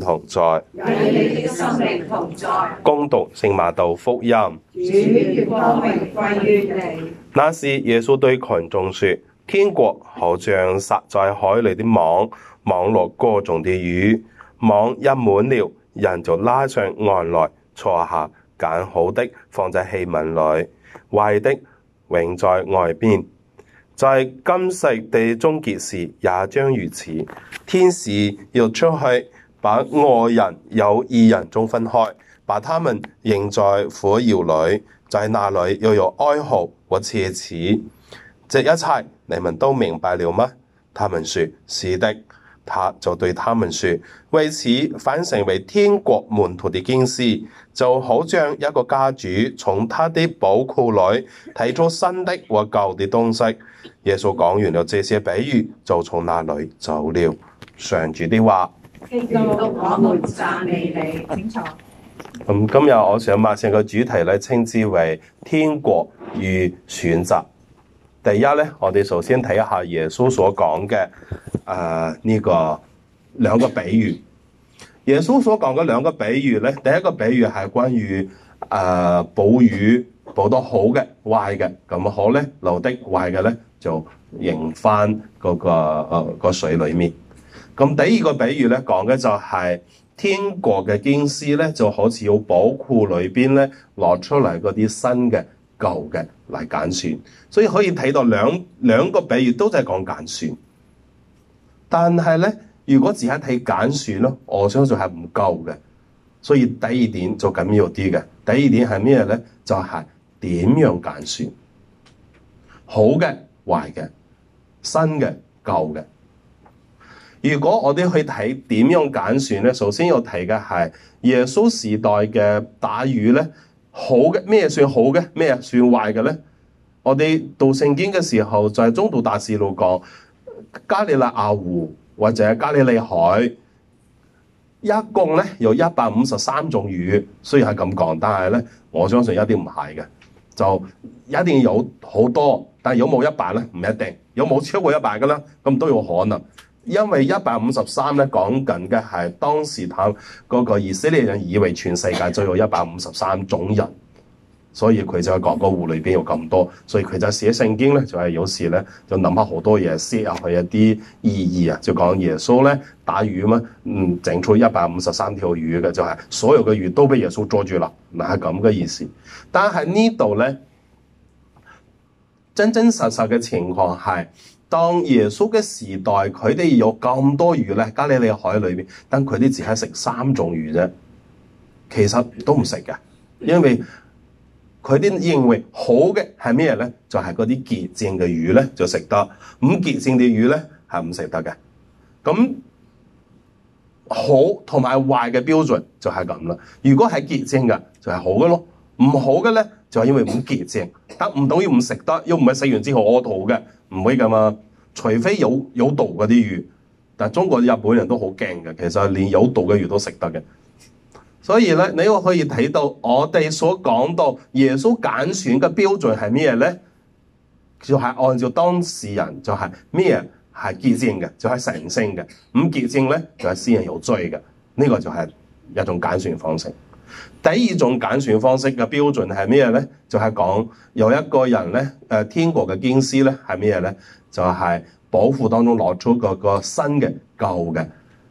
同在，恭讀聖馬竇福音。那時耶穌對群眾說：天國好像撒在海裏的網，網羅各種的魚，網一滿了，人就拉上岸來，坐下揀好的放在器皿裏，壞的永在外邊。在、就是、今世地終結時，也將如此。天使要出去。把外人、有義人中分開，把他們扔在火窯裏，在那裏又有哀號和切齒。這一切你們都明白了嗎？他們說：是的。他就對他們說：為此反成為天國門徒的經師，就好像一個家主從他的寶庫裏提出新的或舊的東西。耶穌講完了這些比喻，就從那裏走了。上主的話。我們讚美你，精彩。咁今日我想，把成個主題咧，稱之為天國與選擇。第一咧，我哋首先睇一下耶穌所講嘅，誒、呃、呢、這個兩個比喻。耶穌所講嘅兩個比喻咧，第一個比喻係關於誒、呃、捕魚，捕得好嘅、壞嘅，咁好咧留的，壞嘅咧就扔翻嗰、那個誒個、呃、水裏面。咁第二個比喻咧，講嘅就係天國嘅經師咧，就好似要寶庫裏邊咧攞出嚟嗰啲新嘅、舊嘅嚟揀選，所以可以睇到兩兩個比喻都係講揀選。但係咧，如果只係睇揀選咯，我相信係唔夠嘅。所以第二點就緊要啲嘅。第二點係咩咧？就係、是、點樣揀選？好嘅、壞嘅、新嘅、舊嘅。如果我哋去睇點樣揀選咧，首先要提嘅係耶穌時代嘅打魚咧，好嘅，咩算好嘅，咩算壞嘅咧？我哋讀聖經嘅時候，就在、是、宗徒大事錄講加利肋亞湖或者加利利海，一共咧有一百五十三種魚。雖然係咁講，但係咧我相信一定唔係嘅，就一定有好多，但係有冇一百咧唔一定，有冇超過一百嘅咧咁都有可能。因為一百五十三咧講緊嘅係當時響嗰個以色列人以為全世界只有一百五十三種人，所以佢就講個湖裏邊有咁多，所以佢就寫聖經咧就係、是、有時咧就諗下好多嘢，寫入去一啲意義啊，就講耶穌咧打魚嘛，嗯，整出一百五十三條魚嘅就係、是、所有嘅魚都俾耶穌捉住啦，嗱係咁嘅意思。但係呢度咧真真實實嘅情況係。當耶穌嘅時代，佢哋有咁多魚咧，加利利海裏邊，但佢哋只係食三種魚啫。其實都唔食嘅，因為佢哋認為好嘅係咩咧？就係嗰啲潔淨嘅魚咧就食得，唔潔淨嘅魚咧係唔食得嘅。咁好同埋壞嘅標準就係咁啦。如果係潔淨嘅就係好嘅咯，唔好嘅咧就係因為唔潔淨。但唔等於唔食得，又唔係食完之後屙肚嘅。唔會噶嘛，除非有有毒嗰啲魚。但中國日本人都好驚嘅，其實連有毒嘅魚都食得嘅。所以咧，你又可以睇到我哋所講到耶穌揀選嘅標準係咩咧？就係、是、按照當事人就，就係咩係潔淨嘅，就係神聖嘅。咁潔淨咧，就係先人有罪嘅。呢、這個就係一種揀選方式。第二種揀選方式嘅標準係咩咧？就係、是、講有一個人咧，誒、呃，天國嘅經師咧係咩咧？就係寶庫當中攞出個個新嘅、舊嘅。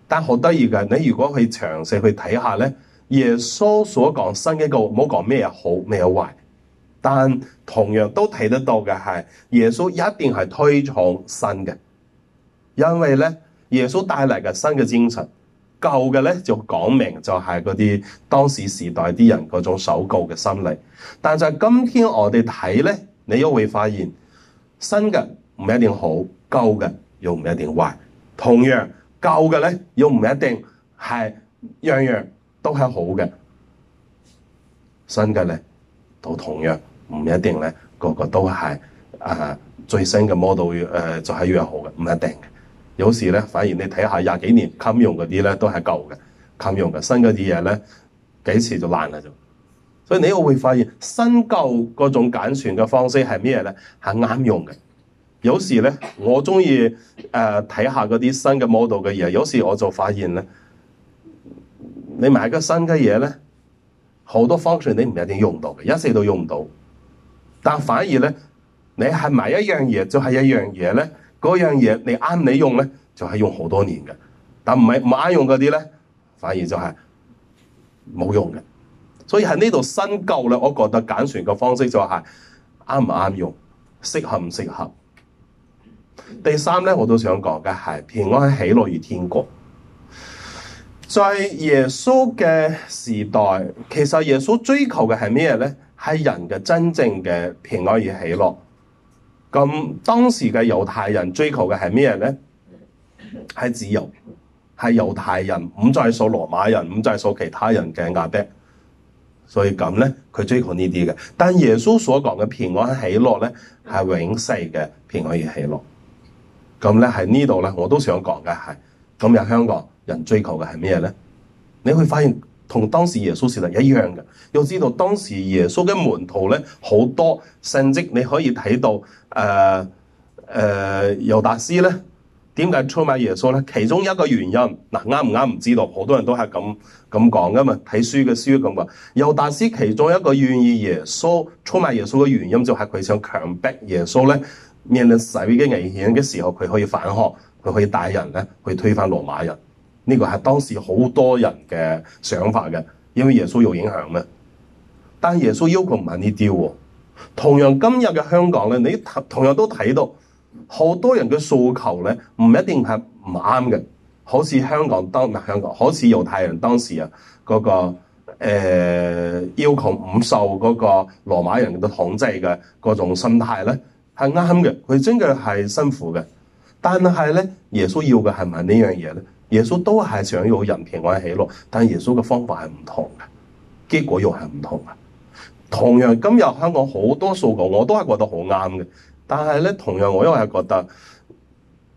但好得意嘅，你如果去詳細去睇下咧，耶穌所講新嘅，唔好講咩好咩壞，但同樣都睇得到嘅係耶穌一定係推崇新嘅，因為咧耶穌帶嚟嘅新嘅精神。舊嘅咧就講明就係嗰啲當時時代啲人嗰種守舊嘅心理，但就係今天我哋睇呢，你又會發現新嘅唔一定好，舊嘅又唔一定壞。同樣舊嘅咧又唔一定係樣樣都係好嘅，新嘅咧都同樣唔一定咧個個都係啊、呃、最新嘅 model、呃、就係、是、越好嘅，唔一定嘅。有時咧，反而你睇下廿幾年禁用嗰啲咧，都係舊嘅襟用嘅，新嗰啲嘢咧，幾時就爛啦就。所以你又會發現新舊嗰種揀選嘅方式係咩咧？係啱用嘅。有時咧，我中意誒睇下嗰啲新嘅 model 嘅嘢。有時我就發現咧，你買個新嘅嘢咧，好多方式你唔一定用到嘅，一世都用唔到。但反而咧，你係買一樣嘢就係一樣嘢咧。嗰樣嘢你啱你用咧，就係、是、用好多年嘅；但唔係唔啱用嗰啲咧，反而就係冇用嘅。所以喺呢度新舊咧，我覺得揀選嘅方式就係啱唔啱用，適合唔適合。第三咧，我都想講嘅係平安喜樂如天國。在耶穌嘅時代，其實耶穌追求嘅係咩咧？係人嘅真正嘅平安與喜樂。咁當時嘅猶太人追求嘅係咩咧？係自由，係猶太人唔再受羅馬人，唔再受其他人嘅壓迫，所以咁咧佢追求呢啲嘅。但耶穌所講嘅平安喜樂咧，係永世嘅平安與喜樂。咁咧喺呢度咧，我都想講嘅係，咁有香港人追求嘅係咩咧？你會發現。同當時耶穌時代一樣嘅，要知道當時耶穌嘅門徒咧好多信跡，你可以睇到。誒、呃、誒，猶、呃、達斯咧點解出賣耶穌咧？其中一個原因嗱，啱唔啱唔知道，好多人都係咁咁講㗎嘛。睇書嘅書咁話，猶達斯其中一個願意耶穌出賣耶穌嘅原因，就係佢想強迫耶穌咧面臨死嘅危險嘅時候，佢可以反抗，佢可以帶人咧去推翻羅馬人。呢個係當時好多人嘅想法嘅，因為耶穌有影響咩？但耶穌要求唔係呢啲喎。同樣今日嘅香港咧，你同樣都睇到好多人嘅訴求咧，唔一定係唔啱嘅。好似香港當香港，好似猶太人當時啊嗰、嗰個、呃、要求唔受嗰個羅馬人嘅統治嘅嗰種心態咧，係啱嘅。佢真嘅係辛苦嘅，但係咧，耶穌要嘅係唔係呢樣嘢咧？耶穌都係想要人平安喜樂，但耶穌嘅方法係唔同嘅，結果又係唔同啊！同樣今日香港好多說教，我都係覺得好啱嘅。但係呢，同樣我因為覺得，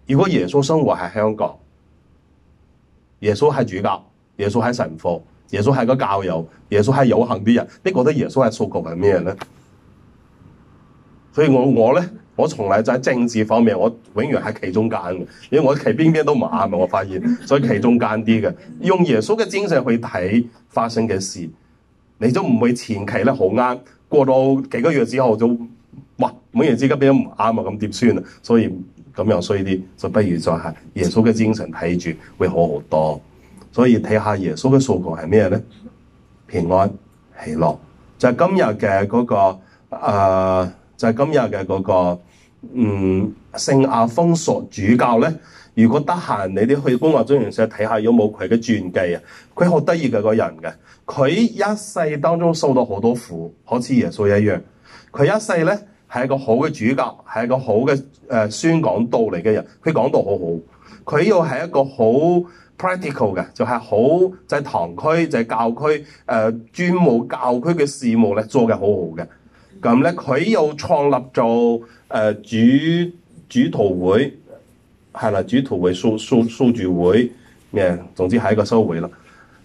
如果耶穌生活係香港，耶穌係主教，耶穌係神父，耶穌係個教友，耶穌係有恒啲人，你覺得耶穌係說教係咩呢？所以我我咧。我從來就在政治方面，我永遠係其中間，因為我企邊邊都唔啱。我發現，所以其中間啲嘅，用耶穌嘅精神去睇發生嘅事，你都唔會前期咧好啱，過到幾個月之後就哇，美元之間變咗唔啱啊！咁點算啊？所以咁樣衰，所以啲就不如就係耶穌嘅精神睇住會好好多。所以睇下耶穌嘅數據係咩呢？平安喜樂就係、是、今日嘅嗰個誒。呃就係今日嘅嗰個嗯聖亞豐索主教咧，如果得閒，你哋去封華中院社睇下有冇佢嘅傳記啊！佢好得意嘅個人嘅，佢一世當中受到好多苦，好似耶穌一樣。佢一世咧係一個好嘅主教，係一個好嘅誒、呃、宣講道嚟嘅人，佢講道好好。佢又係一個好 practical 嘅，就係、是、好就係、是、堂區就係、是、教區誒專務教區嘅事務咧做嘅好好嘅。咁咧，佢又創立做誒、呃、主，主，主，主，主主圖會，係啦，主圖會數數數字會，咩？總之係一個修會咯。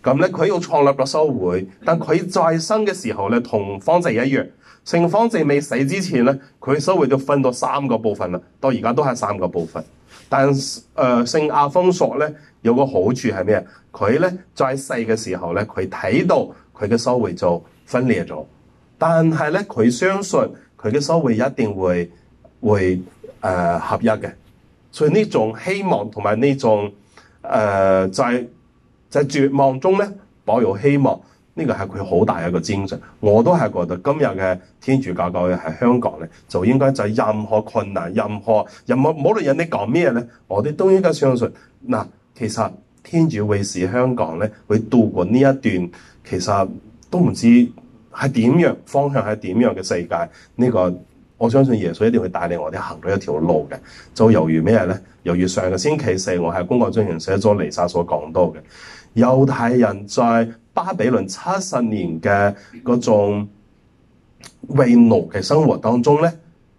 咁咧，佢又創立個修會，但佢在生嘅時候咧，同方濟一樣。聖方濟未死之前咧，佢修會都分到三個部分啦。到而家都係三個部分。但誒，聖亞豐索咧有個好處係咩？佢咧在世嘅時候咧，佢睇到佢嘅修會就分裂咗。但係咧，佢相信佢嘅收匯一定會會誒、呃、合一嘅，所以呢種希望同埋呢種誒，在、呃、在、就是就是、絕望中咧，保有希望，呢、這個係佢好大一個精神。我都係覺得今日嘅天主教教嘅喺香港咧，就應該在任何困難、任何任何無論人哋講咩咧，我哋都應該相信。嗱、呃，其實天主會使香港咧，會渡過呢一段，其實都唔知。係點樣方向？係點樣嘅世界？呢、這個我相信耶穌一定會帶領我哋行到一條路嘅。就由於咩咧？由於上個星期四我喺公告中型寫咗彌撒所講到嘅猶太人在巴比倫七十年嘅嗰種為奴嘅生活當中咧，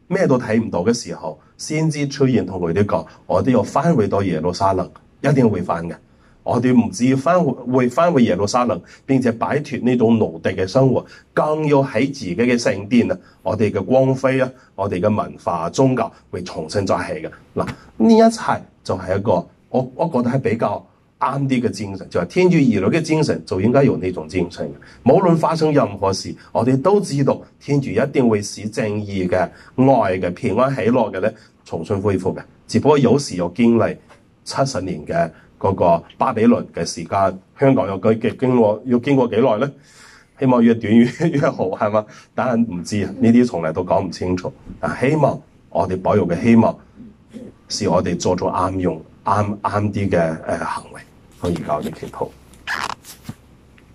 咩都睇唔到嘅時候，先知出現同佢哋講：我哋要翻回到耶路撒冷，一定會翻嘅。我哋唔止要翻回翻回耶路撒冷，並且擺脫呢種奴隸嘅生活，更要喺自己嘅聖殿啊，我哋嘅光輝啊，我哋嘅文化宗教會重新再起嘅嗱。呢一切就係一個我，我覺得係比較啱啲嘅精神，就係、是、天主兒女嘅精神，就應該用呢種精神。無論發生任何事，我哋都知道天主一定會使正義嘅、愛嘅、平安喜樂嘅咧重新恢復嘅。只不過有時又經歷七十年嘅。嗰個巴比倫嘅時間，香港要幾幾經過要經過幾耐呢？希望越短越越好，係嘛？但係唔知呢啲從來都講唔清楚。但希望我哋保佑嘅希望，是我哋做出啱用啱啱啲嘅誒行為去搞呢件事。